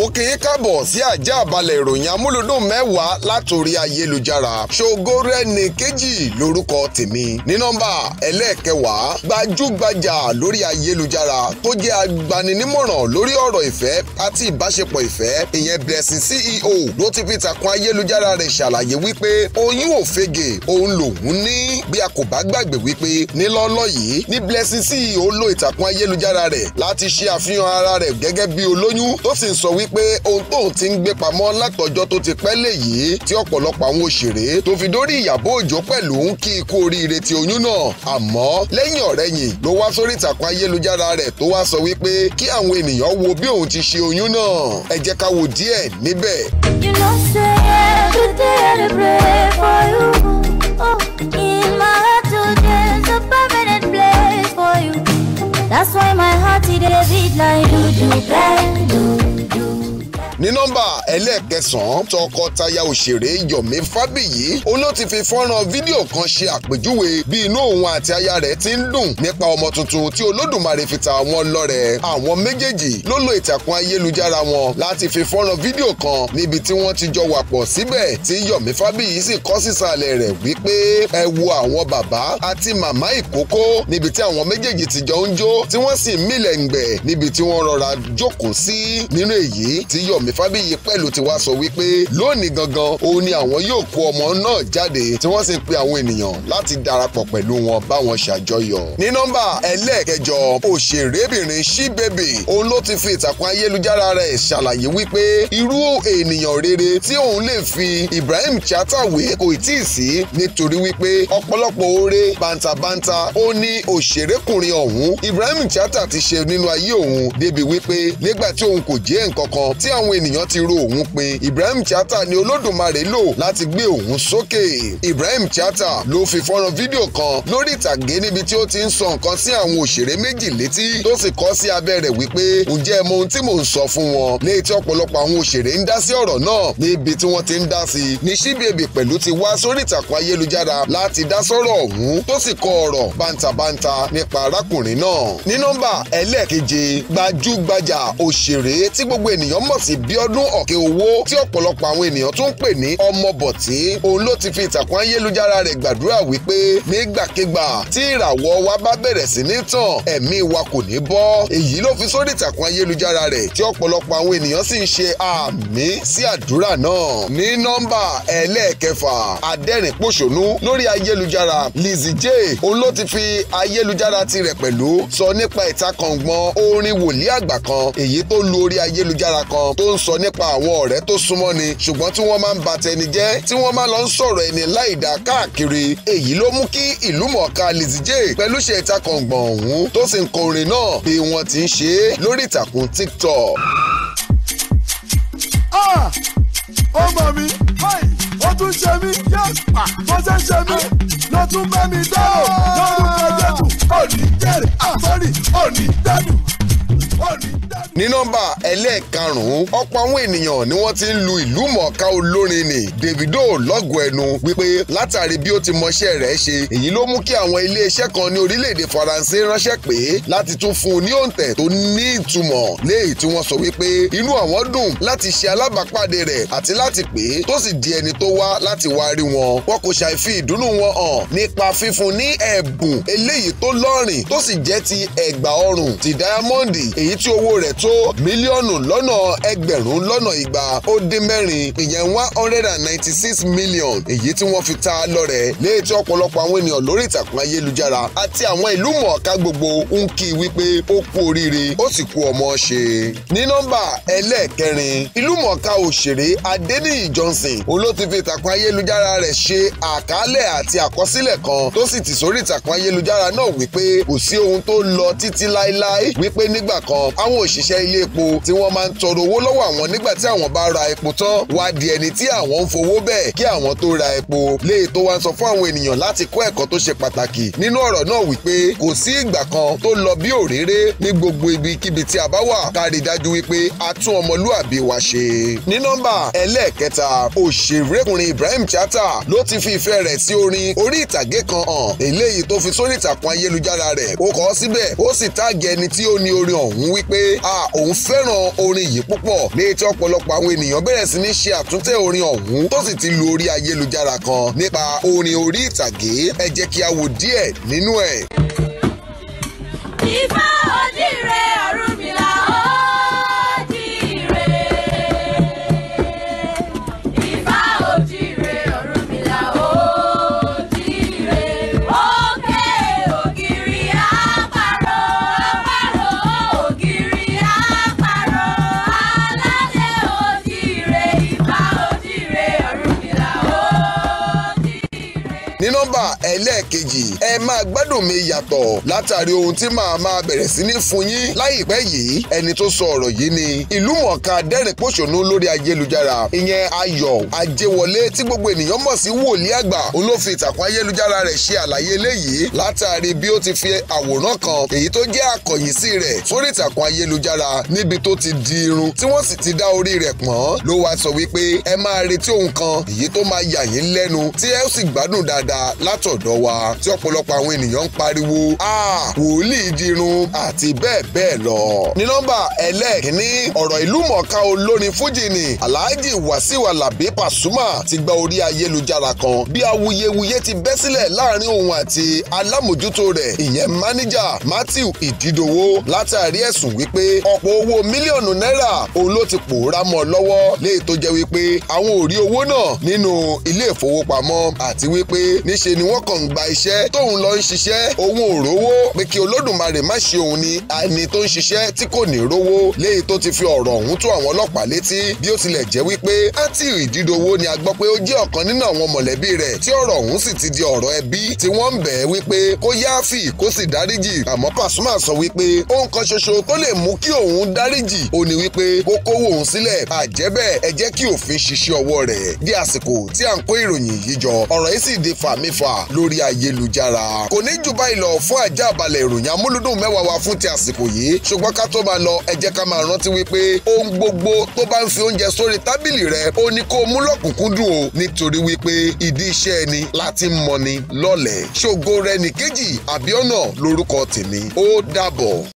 mo kì í káàbọ̀ sí àjà àbálẹ̀ ìròyìn amúlùdùn mẹ́wàá látòrí ayélujára ṣògòrè ní kejì lórúkọ tèmi ní nọ́mbà ẹlẹ́ẹ̀kẹwàá gbajúgbajà lórí ayélujára tó jẹ́ agbaninímọ̀ràn lórí ọ̀rọ̀ ìfẹ́ àti ìbáṣepọ̀ ìfẹ́ ìyẹn Blessing CEO ló ti fi ìtàkùn ayélujára rẹ̀ ṣàlàyé wípé oyún òfegè òun lòun ní bí a kò bá gbàgbé wípé nílọ́lọ́ yìí ní Blessing CEO lo ìtàkùn ayélujára rẹ̀ láti ṣe àfihàn ara rẹ̀ gẹ́gẹ́ bí olóyún tó sì ń sọ wípé pé ohun tóun ti ń gbé pamọ́ látọjọ́ tó ti pẹ́ léyìí tí ọ̀pọ̀lọpọ̀ àwọn òṣèré tó fi dórí Ìyábọ̀ Òjó pẹ̀lú ń kí ikú oríire ti oyún náà àmọ́ lẹ́yìn ọ̀rẹ́yìn ló wá sórí ìtàkùn ayélujára rẹ̀ tó wá sọ wípé kí àwọn ènìyàn wo bí òun ti ṣe oyún náà ẹ jẹ́ ká wo díẹ̀ níbẹ̀. You know every day I pray for you. Oh, in my heart there's a permanent place for you. That's why my heart today beat like do do bang do. You. ní nọ́mbà ẹlẹ́ẹ̀kẹsàn-án tọkọtaya òṣèré Yọ̀mí Fábíyì òun ló ti fi fọ́nrán fídíò kan ṣe àpèjúwe bí inú òun àti aya rẹ̀ ti ń dùn nípa ọmọ tuntun tí Olódùmarè fi ta àwọn lọ́rẹ àwọn méjèèjì ló lo ìtàkùn ayélujára wọn láti fi fọ́nrán fídíò kan níbi tí wọ́n ti jọ wà pọ̀ síbẹ̀ tí Yọ̀mí Fábíyì sì kọ sísàlẹ̀ rẹ̀ wípé ẹ wo àwọn bàbá àti màmá ìkókó níbi tí àwọn méjèèjì ti jọ ń jó tí wọ́n sì ń mílẹ̀ ǹgbẹ̀ níbi tí wọ́n rọra jókòó sí nínú èyí tí Yọ̀mí Fẹ́mi Fábíyì pẹ̀lú ti wá sọ wípé lónìí gangan òun ni àwọn yóò kó ọmọ náà jáde tí wọ́n sì pe àwọn ènìyàn láti darapọ̀ pẹ̀lú wọn báwọn ṣàjọyọ̀. ní nọ́mbà ẹlẹ́ẹ̀kẹjọ òṣèrébìnrin Ṣíbèbí òun ló ti fi ìtàkùn ayélujára rẹ̀ ṣàlàyé wípé irú ènìyàn rere tí òun lè fi Ibrahim Chata kò tí ì sí nítorí wípé ọ̀pọ̀lọpọ̀ oore bàǹtàbàǹtà ó ní òṣèrékùnrin ọ̀hún Ibrahim Chata ti ṣe nínú ayé òun débi wípé nígbà tí òun kò jẹ́ nǹkan kan tí àwọn ènìyàn ti ro òun pin Ibrahim Chatta ni Olódùmarè lò láti gbé òun sókè Ibrahim Chatta ló fi fọ́nrán fídíò kan lórí ìtàgé níbi tí ó ti ń sọ nǹkan sí àwọn òṣèré méjì létí tó sì kọ sí abẹ́ rẹ̀ wípé ǹjẹ́ ẹ mọ ohun tí mò ń sọ fún wọn léyìí tí ọ̀pọ̀lọpọ̀ àwọn òṣèré ń dá sí ọ̀rọ̀ náà níbi tí wọ́n ti ń dá sí ní Síbèbè pẹ̀lú ti wá sórí ìtàkùn ayélujára láti dá sọ́rọ̀ ọ̀hún tó sì kọ ọ̀rọ̀ bántabánta nípa arákùnrin náà ní nọ́mbà ẹlẹ́ẹ̀keje gbajúgbajà òṣèré tí gbogbo ènìyàn mọ̀ sí Abíọ́dún Òkè Owó tí ọ̀pọ̀lọpọ̀ àwọn ènìyàn tún ń pè ní ọmọbọ̀tí òun ló ti fi ìtàkùn ayélujára rẹ̀ gbàdúrà wípé nígbàkigbà tí ìràwọ̀ wa bá bẹ̀rẹ̀ sí ní tàn ẹ̀mí wa kò ní bọ́ èyí ló fi sórí ìtàkùn ayélujára rẹ̀ tí ọ̀pọ̀lọpọ̀ àwọn ènìyàn sì ń ṣe àmì sí àdúrà náà ní nọ́mbà ẹlẹ́ẹ̀kẹfà adẹ́rìnpòṣónú lórí ayélujára Lizzy J òun ló ti fi ayélujára tirẹ̀ pẹ̀lú sọ nípa ìtakọ̀ngbọ̀n orin wòlíì àgbà kan èyí tó lu orí ayélujára kan tó ń sọ nípa àwọn ọ̀rẹ́ tó súnmọ́ ni ṣùgbọ́n tí wọ́n máa ń ba tẹni jẹ́ tí wọ́n máa lọ ń sọ̀rọ̀ ẹni láìdá káàkiri èyí ló mú kí ìlúmọ̀ọ́ká Lizzie pẹ̀lú ṣe ìtakọ̀ngbọ̀n ọ̀hún tó sì ń kọrin náà bí wọ́n ti ń ṣe é lórí ìtàkùn TikTok. Ah! ó mọ̀ mi ó tún ṣe mí bó ah! ṣe ń ṣe mí ló tún bẹ́ mi dárò lórúkọ jẹ́tù òní jẹ́rìí ẹlẹ́ẹ̀karùn-ún ọ̀pọ̀ àwọn ènìyàn ni wọ́n ti ń lu ìlú mọ̀ọ́ká olórin nì Davido lọ́gọ̀ ẹnu wípé látàrí bí ó ti mọṣẹ́ rẹ̀ ṣe èyí ló mú kí àwọn iléeṣẹ́ kan ní orílẹ̀-èdè Faransé ránṣẹ́ pé láti tún fún un ní òǹtẹ̀ tó ní ìtumọ̀ léyìí tí wọ́n sọ wípé inú àwọn dùn láti ṣe alábàápàdé rẹ̀ àti láti pè tó sì di ẹni tó wá láti wá rí wọn wọn kò ṣàì fi ìdùnnú wọn hàn nípa fífún ní ẹ̀bùn eléyìí tó lọ́rìn tó sì jẹ́ ti ẹ̀gbà ọrùn ti Diamond èyí tí owó rẹ̀ tó mílíọ̀nù mílíọ̀nù lọ́nà ẹgbẹ̀rún lọ́nà igba ó dín mẹ́rin ìyẹn one hundred and ninety six million èyí tí wọ́n fi ta lọ́rẹ̀ léètí ọ̀pọ̀lọpọ̀ àwọn ènìyàn lórí ìtàkùn ayélujára àti àwọn ìlú mọ̀ọ́ká gbogbo ń kí i wípé ó kú oríire ó sì kú ọmọ ṣe. ní nọ́mbà ẹlẹ́ẹ̀kẹrin ìlú mọ̀ọ́ká òṣèré Adéníyì Johnson olóòtú fi ìtàkùn ayélujára rẹ̀ ṣe àkálẹ̀ àti àkọsílẹ̀ kan tó sì tì sórí ìtàkùn ayélujára náà wípé kò sí ohun tó lọ títí láéláé wípé nígbà kan àwọn òṣìṣẹ́ ilé epo t tí wọ́n máa ń tọrọ owó lọ́wọ́ àwọn nígbà tí àwọn bá ra epo tán wá di ẹni tí àwọn ń fowó bẹ́ẹ̀ kí àwọn tó ra epo lè tó wá ń sọ fún àwọn ènìyàn láti kọ́ ẹ̀kọ́ tó ṣe pàtàkì nínú ọ̀rọ̀ náà wípé kò sí ìgbà kan tó lọ bí òréré ní gbogbo ibikíbi tí a bá wà ká dájú wípé a tún ọmọlúàbí wa ṣe. ní nọ́mbà ẹlẹ́ẹ̀kẹta òṣèrékùnrin Ibrahim Chata ló ti fi ìfẹ́ rẹ̀ sí orin orí ìtàgé kan hàn eléyìí tó fi sórí ìtàkùn ayélujára rẹ̀ ó kọ síbẹ̀ ó sì táàgì ẹni tí ó ní orin ọ̀hún wípé a òun fẹ́ràn fẹ́ràn orin yìí púpọ̀ léyìí tí ọ̀pọ̀lọpọ̀ àwọn ènìyàn bẹ̀rẹ̀ sí ní ṣe àtúntẹ̀ orin ọ̀hún tó sì ti lu orí ayélujára kan nípa orin orí ìtàgé ẹ jẹ́ kí a wò díẹ̀ nínú ẹ̀. ìfà òdì rẹ̀ ọ̀run. ní nọ́mbà ẹlẹ́ẹ̀kejì ẹ máa gbádùn mi yàtọ̀ látàrí ohun tí màá máa bẹ̀rẹ̀ sí ní fún yín láìpẹ́ yìí ẹni tó sọ ọ̀rọ̀ yìí ni ìlú mọ̀ọ́ká dẹ́rìn pòṣónú lórí ayélujára ìyẹn ayọ̀ ajéwọlé tí gbogbo ènìyàn mọ̀ sí wòlíì àgbà òun ló fi ìtàkùn ayélujára rẹ̀ ṣe àlàyé eléyìí látàrí bí ó ti fi àwòrán kan èyí tó jẹ́ àkọ̀yìnsí rẹ̀ sórí ìtàkùn ayélujára níbi tó ti di irun tí wọ́n sì ti dá orí rẹ̀ pọ́n ló wá sọ wípé ẹ máa retí ohun kan èyí tó máa yà yín lẹ́nu tí ẹ sì gbádùn dáadáa dáadáa látọ̀dọ̀ wa tí ọ̀pọ̀lọpọ̀ àwọn ènìyàn ń pariwo wòlíì dirun àti bẹ́ẹ̀ bẹ́ẹ̀ lọ. ní nọ́mbà ẹlẹ́ẹ̀kínní ọ̀rọ̀ ìlú mọ̀ọ́ká olórin fújì ni alhaji wasiu alabi pasuma ti gba orí ayélujára kan bí awuyewuye ti bẹ́ sílẹ̀ láàrin òun àti alámòjútó rẹ̀ ìyẹn máníjà matthew ìdídòwò látàrí ẹ̀sùn wípé ọ̀pọ̀ owó mílíọ̀nù náírà òun ló ti pòórá mọ́ lọ́wọ́ léyìí tó jẹ́ wípé àwọn ò rí owó náà nínú ilé ìfowópamọ́ àti wípé níṣe ni wọ́n kàn ń gba iṣẹ́ tóun lọ ń ṣiṣẹ́ òun ò rówó pé kí olódùmarè má ṣe òun ni àní tó ń ṣiṣẹ́ tí kò ní rówó léyìí tó ti fi ọ̀rọ̀ ọ̀hún tó àwọn ọlọ́pàá létí bí ó tilẹ̀ jẹ́ wípé àǹtí ìdídowó ni a gbọ́ pé ó jẹ́ ọ̀kan nínú àwọn mọ̀lẹ́bí rẹ̀ tí ọ̀rọ̀ ọ̀hún sì ti di ọ̀rọ̀ ẹbí tí wọ́n ń bẹ̀ ẹ́ wípé kó yááfì kó sì dáríjì àmọ́ Pasuma sọ wípé ohun kan ṣoṣo tó lè mú kí òun dáríjì ó ní wípé kó kówó òun sílẹ̀ àjẹ́bẹ̀ ẹ jẹ́ kí òfin ṣiṣẹ́ ọwọ́ rẹ̀ di àsìkò tí à mẹ́fà lórí ayélujára kò ní jù báyìí lọ fún ajá balẹ̀ ìròyìn amúlùdùn mẹ́wàá wa fún ti àsìkò yìí ṣùgbọ́n ká tó máa lọ ẹ jẹ́ ká máa rántí wípé ohun gbogbo tó bá ń fi oúnjẹ sórí tábìlì rẹ ó ní kó mú lọ́kùnkúndùn o nítorí wípé ìdí iṣẹ́ ẹni láti ń mọni lọ́lẹ̀ ṣògo rẹ̀ nìkejì àbíọ́nà lórúkọ tèmi ó dàbọ̀.